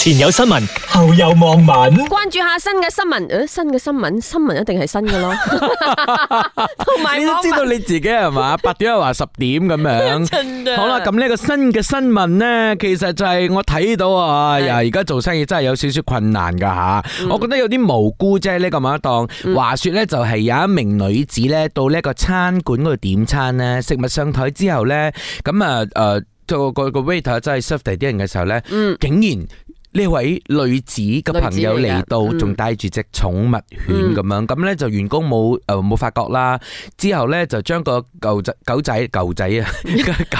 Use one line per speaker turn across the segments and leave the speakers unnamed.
前有新聞，後有網民。
關注下新嘅新聞，誒，新嘅新聞，新聞一定係新嘅咯。你都
知道你自己係嘛？八點又話十點咁樣。好啦，咁呢個新嘅新聞咧，其實就係我睇到啊，呀，而家做生意真係有少少困難噶吓。我覺得有啲無辜啫呢個麥當。話說咧，就係有一名女子咧，到呢一個餐館嗰度點餐咧，食物上台之後咧，咁啊誒，個個個 waiter 即係 serve 第啲人嘅時候咧，嗯，竟然。呢位女子嘅朋友嚟到，仲帶住隻寵物犬咁樣，咁咧就員工冇誒冇發覺啦。之後咧就將個狗仔狗仔狗仔啊，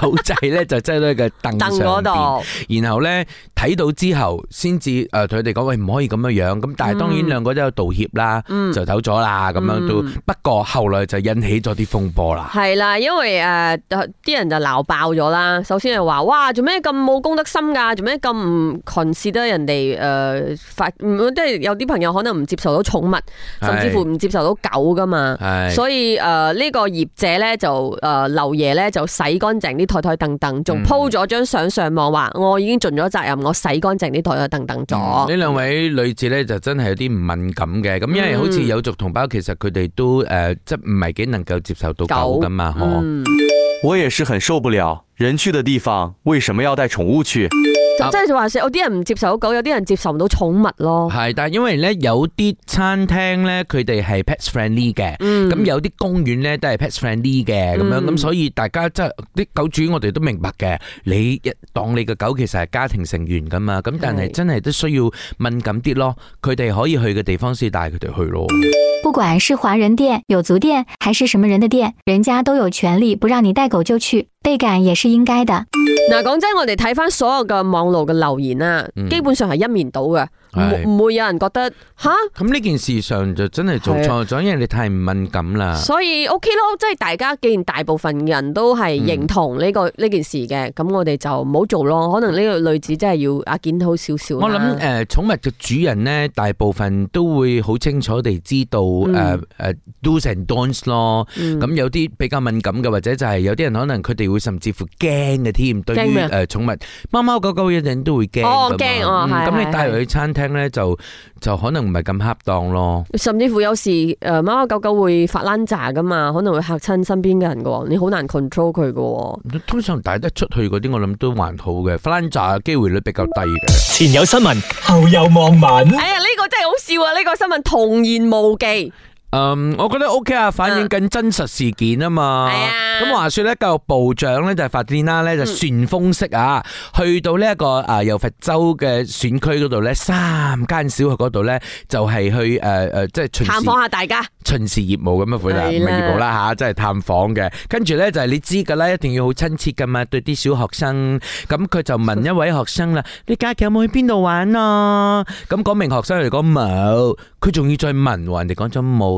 狗仔咧就擠喺個凳上嗰度。然後咧睇到之後，先至誒佢哋講喂，唔可以咁樣樣。咁但係當然兩個都有道歉啦，就走咗啦咁樣都。不過後來就引起咗啲風波啦。
係啦，因為誒啲人就鬧爆咗啦。首先係話哇做咩咁冇公德心㗎？做咩咁唔羣視都？人哋誒發，即係有啲朋友可能唔接受到寵物，甚至乎唔接受到狗噶嘛。所以誒呢個業者咧就誒劉爺咧就洗乾淨啲台台凳凳，仲 po 咗張相上網話我已經盡咗責任，我洗乾淨啲台台凳凳咗。
呢兩位女子咧就真係有啲唔敏感嘅，咁因為好似有族同胞其實佢哋都誒即唔係幾能夠接受到狗噶嘛。我也是很受不了，人去的地方為什麼要帶寵物去？
即係話，有啲人唔接受狗，有啲人接受唔到寵物咯。係，但係因為咧，有啲餐廳咧，佢
哋係 pet friendly 嘅，咁、嗯、有啲公園咧都係 pet friendly 嘅，咁、嗯、樣咁，所以大家即係啲狗主，我哋都明白嘅。你當你嘅狗其實係家庭成員噶嘛，咁但係真係都需要敏感啲咯。佢哋可以去嘅地方先帶佢哋去咯。
不管是華人店、有族店，還是什麼人的店，人家都有權利不讓你帶狗就去。內感也是應該的。嗱，講真，我哋睇返所有嘅網絡嘅留言啊，基本上係一面倒嘅。唔唔會有人覺得吓
咁呢件事上就真係做錯咗，因為你太唔敏感啦。所
以 OK 咯，即係大家既然大部分人都係認同呢個呢件事嘅，咁我哋就唔好做咯。可能呢個女子真係要阿健好少少。我諗誒，
寵物嘅主人呢，大部分都會好清楚地知道誒誒 do’s and don’ts 咯。咁有啲比較敏感嘅，或者就係有啲人可能佢哋會甚至乎驚嘅添，對於誒寵物貓貓狗狗一等都會驚。哦驚哦，咁你帶佢去餐。聽咧就就可能唔係咁恰當咯，
甚至乎有時誒貓貓狗狗會發爛渣噶嘛，可能會吓親身邊嘅人噶，你好難 control 佢噶。
通常帶得出去嗰啲我諗都還好嘅，爛渣嘅機會率比較低嘅。前有新聞，後有網民。
哎呀，呢、這個真係好笑啊！呢、這個新聞童言無忌。
嗯，我覺得 OK 啊，反映緊真實事件啊嘛。係啊。咁話說咧，教育部長咧就發展啦咧，就旋風式啊，去到呢一個誒，柔佛州嘅選區嗰度咧，三間小學嗰度咧，就係去誒誒，即係探訪下大家，巡視業務咁樣回答，唔係業務啦吓，即係探訪嘅。跟住咧就係你知噶啦，一定要好親切噶嘛，對啲小學生。咁佢就問一位學生啦，你假期有冇去邊度玩啊？咁嗰名學生嚟講冇，佢仲要再問，話人哋講咗冇。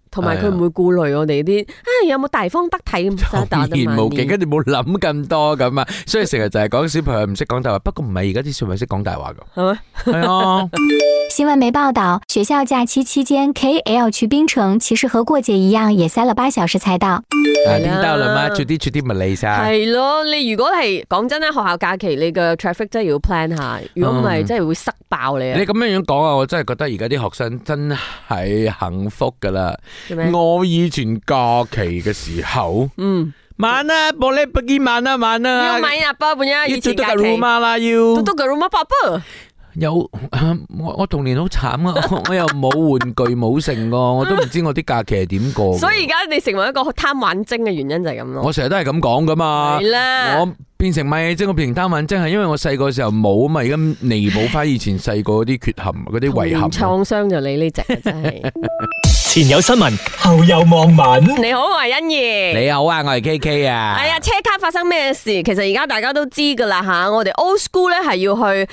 同埋佢唔會顧慮我哋啲、哎、呀啊有冇大方得體咁，然無邊無境，跟住
冇諗咁多咁啊， 所以成日就係講小朋友唔識講大話。不過唔係而家啲小朋友識講大話噶，係咪？
係啊。新聞沒報道，學校假期期間，K L 去檳城其實和過節一樣，也塞了八小時才到。天到了嗎？出啲
出啲物理晒！係
咯，你如果係講真啦，學校假期你嘅 traffic 真係要 plan 下，如果唔係真係會塞。嗯你啊！你咁
樣樣講啊，我真係覺得而家啲學生真係幸福噶啦。嗯、我以前假期嘅時候，
嗯，晚啊，玻璃不見晚啊，晚啊，要買阿爸，唔要，啦，要，都都係
有，我童年好慘啊， 我又冇玩具冇剩、啊，我都唔知我啲假期係點過、嗯。所
以而家你成為一個貪玩精嘅原因就係咁咯。我
成日都係咁講噶嘛。係啦。我變成咪，即我變成貪玩，即係因為我細個時候冇啊嘛，而家彌補翻以前細個嗰啲缺陷、嗰啲遺憾
創傷就你呢隻真係
前有新聞，後有網民。 你好，
我係欣怡。你好啊，
我係 K K 啊。係啊、哎，
車卡發生咩事？其實而家大家都知噶啦吓，我哋 Old School 咧係要去誒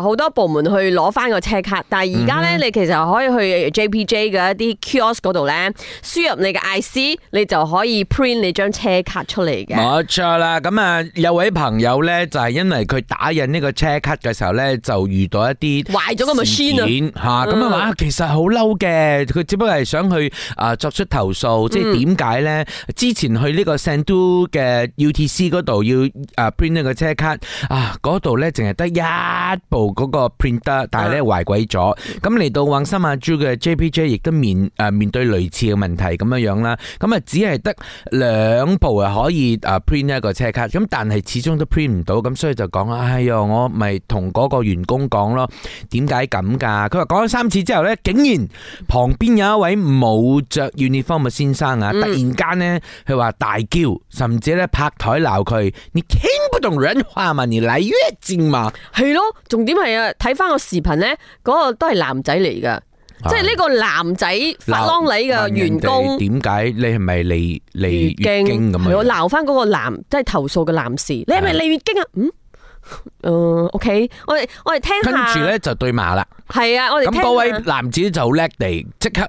好、呃、多部門去攞翻個車卡，但係而家咧你其實可以去 J P J 嘅一啲 kiosk 嗰度咧，輸入你嘅 I C，你就可以 print 你張車卡出嚟嘅。冇
錯啦，咁啊有位。啲朋友咧就係、是、因為佢打印呢個車卡嘅時候咧，就遇到一啲壞咗個 machine 吓，咁啊其實好嬲嘅，佢只不過係想去啊、呃、作出投訴，即係點解咧？嗯、之前去呢個 Sandoo 嘅 UTC 度要啊 print 呢個車卡啊，度咧淨係得一部嗰個 printer，但係咧壞鬼咗。咁嚟、啊、到旺沙馬朱嘅 JPJ 亦都面誒、呃、面對類似嘅問題，咁樣樣啦，咁啊只係得兩部係可以啊 print 呢一個車卡，咁但係。始終都 print 唔到，咁所以就講啊，哎喲，我咪同嗰個員工講咯，點解咁噶？佢話講咗三次之後咧，竟然旁邊有一位冇着 uniform 嘅先生啊，突然間咧，佢話大
叫，甚至咧拍台鬧佢，你聽不懂人話嘛？你嚟月經嘛？係咯，重點係啊，睇返個視頻咧，嗰個都係男仔嚟噶。即係呢個男仔發廊裏嘅員工，點
解你係咪嚟嚟月經咁樣？我
鬧翻嗰個男，即係投訴嘅男士，你係咪嚟月經啊？嗯，誒，uh，OK，我哋我哋聽，跟住
咧就對罵啦。
係啊，我哋咁，嗰位
男子就叻地，即刻。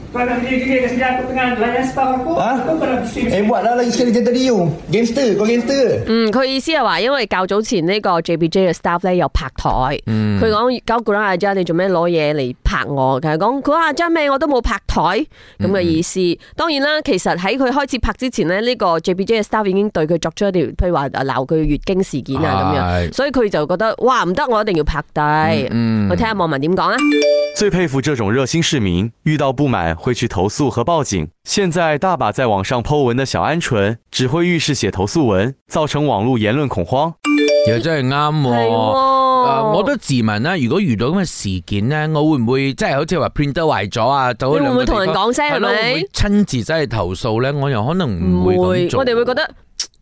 嗯，佢意思係話，因為較早前呢個 JPJ 嘅 staff 咧有拍台，佢講九個阿張，你做咩攞嘢嚟拍我？佢係講，佢話阿張未，我都冇拍台咁嘅意思。嗯、當然啦，其實喺佢開始拍之前呢，呢、這個 JPJ 嘅 staff 已經對佢作出一啲，譬如話鬧佢月經事件啊咁樣，哎、所以佢就覺得哇唔得，我一定要拍低。我睇下網民點講啊。
最佩服這種熱心市民，遇到不滿會去投訴和報警。現在大把在網上 po 文的小鵪鶉，只會遇事寫投訴文，造成網絡言論恐慌。又真係啱、啊，誒的、呃，我都自問啦、啊，如果遇到咁嘅事件呢，我會唔會即係好似話 printer 壞咗啊的？會唔會同人講聲係咪？親自真係投訴咧，我又可能唔會，會。我哋
會覺得。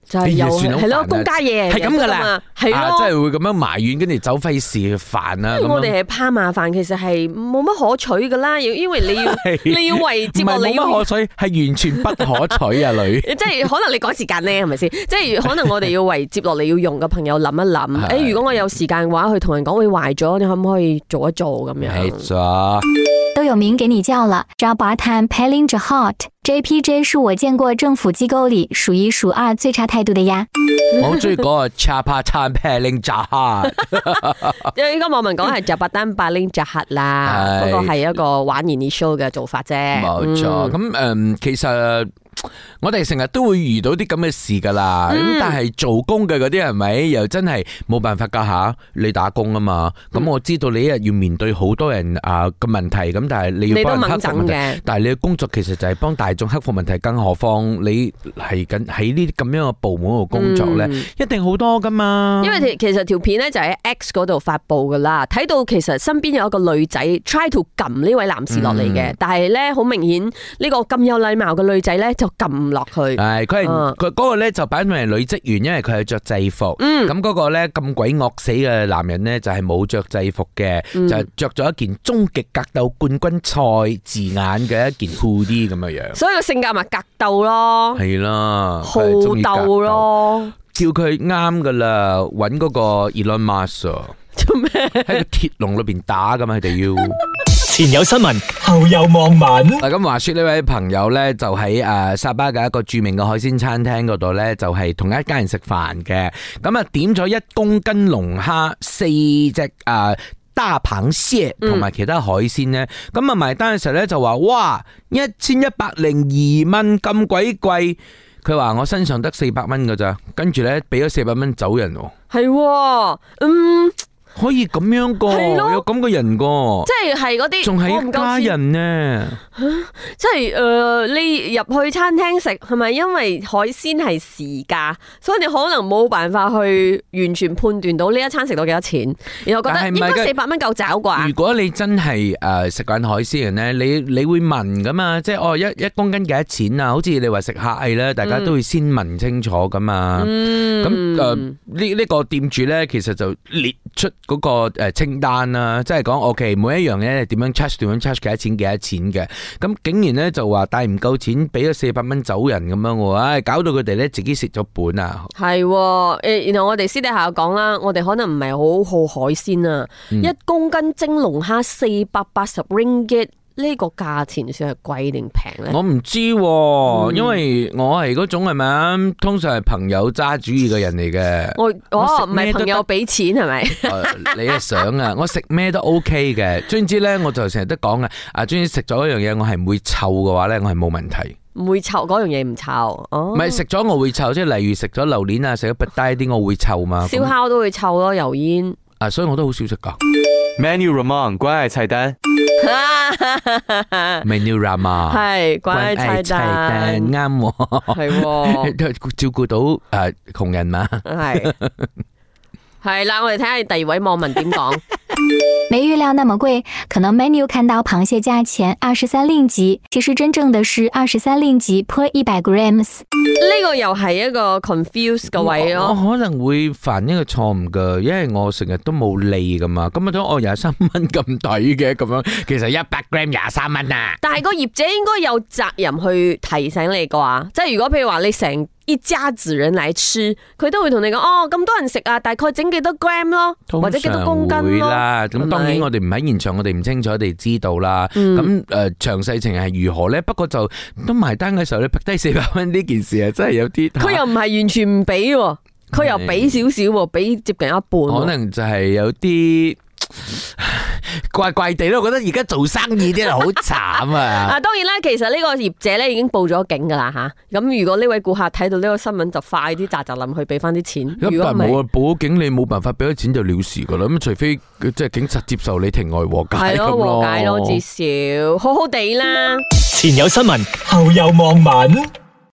就又係咯，公家嘢係咁噶啦，係咯，即係
會咁樣埋怨，跟住走費事煩啊！因為我哋係
怕麻煩，其實係冇乜可取噶啦，要因為你要你要為接落嚟。唔係冇乜可取，
係完全不可取啊！女，
即係可能你趕時間呢，係咪先？即係可能我哋要為接落嚟要用嘅朋友諗一諗。誒，如果我有時間嘅話，去同人講會壞咗，你可唔可以做一做咁樣？做。都有名給你叫了，Jabatan Paling Jahat，JPJ 是我見過政府機構裏數一數二最差態度的呀。
我好中意個 Jabatan Paling Jahat，
因為應該網民講係 Jabatan Paling Jahat 啦，不過係一個玩尼尼 show 嘅做法啫，冇錯。
咁，嗯，其實。我哋成日都會遇到啲咁嘅事噶啦，咁但係做工嘅嗰啲係咪又真係冇辦法噶吓？你打工啊嘛，咁我知道你一日要面對好多人啊嘅問題，咁但係你要幫人克服問題，但係你嘅工作其實就係幫大眾克服問題，更何況你係緊喺呢啲咁樣嘅部門度工作咧，一
定好多噶嘛。因為其實條片咧就喺 X 嗰度發佈噶啦，睇到其實身邊有一個女仔 try to 撳呢位男士落嚟嘅，但係咧好明顯呢個咁有禮貌嘅女仔咧就。撳落去，係佢係
佢嗰個咧就擺明係女職員，因為佢係着制服。咁嗰個咧咁鬼惡死嘅男人咧就係冇着制服嘅，就着咗一件終極格鬥冠軍賽字眼嘅一件褲啲咁嘅樣。
所以個性格咪格鬥咯，
係啦，好鬥
咯，
叫佢啱噶啦，揾嗰個 Elon Musk，做咩喺個鐵籠裏邊打噶嘛？佢哋要。前有新聞，後有網民。嗱，咁話說呢位朋友呢，就喺誒、呃、沙巴嘅一個著名嘅海鮮餐廳嗰度呢，就係、是、同一家人食飯嘅。咁啊，點咗一公斤龍蝦、四隻誒大螃蟹同埋其他海鮮呢。咁啊、嗯，埋單嘅時候呢，就話：，哇，一千一百零二蚊咁鬼貴！佢話我身上得四百蚊㗎咋，跟住呢俾咗四百蚊走人咯。
係、哦，嗯。可以咁樣個，咯有
咁嘅人個，即係係嗰啲，仲係一家人呢？
即係誒、呃，你入去餐廳食，係咪因為海鮮係時價，所以你可能冇辦法去完全判斷到呢一餐食到幾多錢？然後覺得應該四百蚊夠找啩？是是如
果你真係誒食緊海鮮人咧，你你會問噶嘛？即係哦、呃，一一公斤幾多錢啊？好似你話食客藝咧，大家都會先問清楚噶嘛？咁誒，呢呢個店主咧，其實就列出。嗰個清單啦、啊，即係講 OK，每一樣嘢點樣 charge，點樣 charge，幾多錢幾多錢嘅，咁竟然咧就話帶唔夠錢，俾咗四百蚊走人咁樣喎。唉、哎，搞到佢哋咧自己蝕咗本啊，
係、哦，誒、欸，然後我哋私底下講啦，我哋可能唔係好好海鮮啊，嗯、一公斤蒸龍蝦四百八十 Ringgit。呢個價錢算係貴定平咧？我
唔知、啊，因為我係嗰種係咪通常係朋友揸主意嘅人嚟嘅。
我唔係朋友俾錢係咪？
你一想啊？我食咩都 OK 嘅，總之咧我就成日都講嘅。啊，總之食咗一樣嘢，我係唔會臭嘅話咧，我係冇問題。
唔會臭嗰樣嘢唔臭唔係食
咗我會臭，即係例如食咗榴蓮啊，食咗 butter 啲，我會臭嘛。燒
烤都會臭咯，油煙。
啊，所以我都好少食㗎。Menu Ramon 關愛菜單，Menu Ramon 係關愛菜單，啱喎，係喎，都照顧
到誒窮人嘛，係係啦，我哋睇下第二位網民點講。沒預料那麼貴，可能 menu 看到螃蟹價錢二十三令吉，其實真正的是二十三令吉 per 一百 grams。呢個又係一個 confuse 個位咯、嗯，我
可能會犯一個錯誤噶，因為我成日都冇利噶嘛，咁咪都我廿三蚊咁抵嘅，咁樣其實一百 gram 廿三蚊啊。
但係個業者應該有責任去提醒你啩，即係如果譬如話你成，一家子人嚟吃，佢都會同你講哦，咁多人食啊，大概整幾多 gram 咯，或者幾多公斤咯。通常會啦，咁當然我
哋唔喺現場，是是我哋唔清楚，哋知道啦。咁誒、嗯，詳細情係如何咧？不過就都埋單嘅時候咧，你低四百蚊呢件事啊，真係有啲。佢又唔
係完全唔俾，佢又俾少少，俾的接近一半。可能
就係有啲。 怪怪地咯，我覺得而家做生意啲人好慘啊！啊，
當然啦，其實呢個業者咧已經報咗警噶啦吓。咁如果呢位顧客睇到呢個新聞，就快啲扎扎林去俾翻啲錢。嗯、如果唔係，
報咗警你冇辦法俾咗錢就了事噶啦。咁除非即係警察接受你庭外和解。係咯，和解咯，至
少好好地啦。
前有新聞，後有網民。